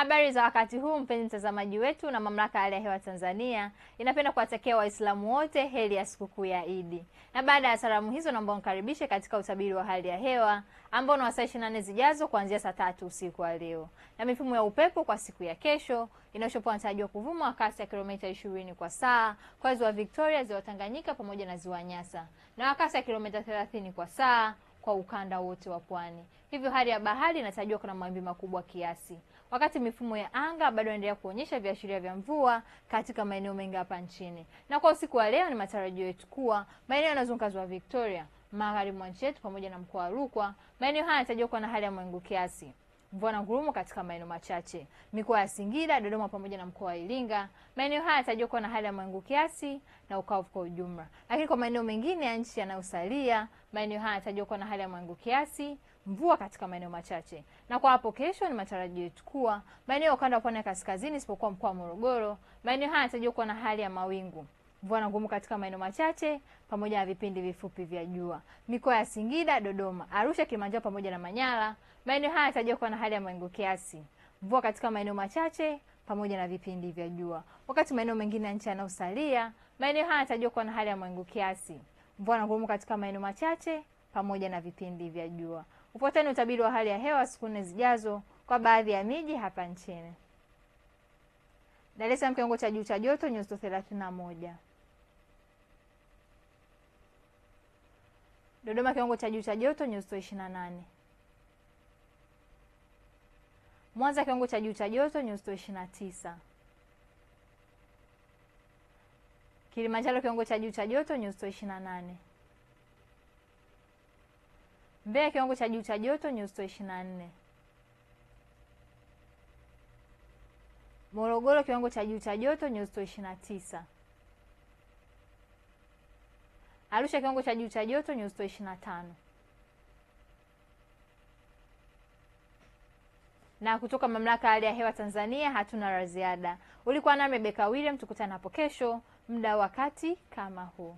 Habari za wakati huu mpenzi mtazamaji wetu, na mamlaka ya hali ya hewa Tanzania inapenda kuwatakia Waislamu wote heri ya sikukuu ya Idi. Na baada ya salamu hizo, naomba nikaribishe katika utabiri wa hali ya hewa ambao ni wa saa 24 zijazo kuanzia saa tatu usiku wa leo. Na mifumo ya upepo kwa siku ya kesho inayoshopoa inatarajiwa kuvuma kwa kasi ya kilomita 20 kwa saa kwa ziwa Victoria, ziwa Tanganyika pamoja na ziwa Nyasa, na kwa kasi ya kilomita 30 kwa saa kwa ukanda wote wa pwani. Hivyo hali ya bahari inatajwa kuna mawimbi makubwa kiasi, wakati mifumo ya anga bado inaendelea kuonyesha viashiria vya mvua katika maeneo mengi hapa nchini. Na kwa usiku wa leo, ni matarajio yetu kuwa maeneo yanayozunguka ziwa Victoria, magharibi mwa nchi yetu pamoja na mkoa wa Rukwa, maeneo haya yanatarajiwa kuwa na hali ya mawingu kiasi mvua na ngurumo katika maeneo machache. Mikoa ya Singida, Dodoma pamoja na mkoa wa Iringa, maeneo haya yatajua kuwa na hali ya mawingu kiasi na ukavu kwa ujumla. Lakini kwa maeneo mengine ya nchi yanayosalia, maeneo haya yatajua kuwa na hali ya mawingu kiasi, mvua katika maeneo machache. Na kwa hapo kesho, ni matarajio yetu kuwa maeneo ya ukanda wa pwani ya kaskazini isipokuwa mkoa wa Morogoro, maeneo haya yatajua kuwa na hali ya mawingu mvua na ngumu katika maeneo machache pamoja na vipindi vifupi vya jua. Mikoa ya Singida, Dodoma, Arusha, Kilimanjaro pamoja na Manyara, maeneo haya yatajua kuwa na hali ya mawingu kiasi, mvua katika maeneo machache pamoja na vipindi vya jua. Wakati maeneo mengine ya nchi yanayosalia, maeneo haya yatajua kuwa na hali ya mawingu kiasi, mvua na ngumu katika maeneo machache pamoja na vipindi vya jua. Ufuatao utabiri wa hali ya hewa siku nne zijazo kwa baadhi ya miji hapa nchini. Dar es Salaam kiwango cha juu cha joto nyuzi joto moja. Dodoma kiwango cha juu cha joto nyuzi joto ishirini na nane. Mwanza kiwango cha juu cha joto nyuzi joto ishirini na tisa. Kilimanjaro kiwango cha juu cha joto nyuzi joto ishirini na nane. Mbeya kiwango cha juu cha joto nyuzi joto ishirini na nne. Morogoro kiwango cha juu cha joto nyuzi joto ishirini na tisa. Arusha kiwango cha juu cha joto nyuzi joto ishirini na tano na kutoka mamlaka ya hali ya hewa Tanzania hatuna la ziada. Ulikuwa nami Rebeca William, tukutane hapo kesho muda wakati kama huu.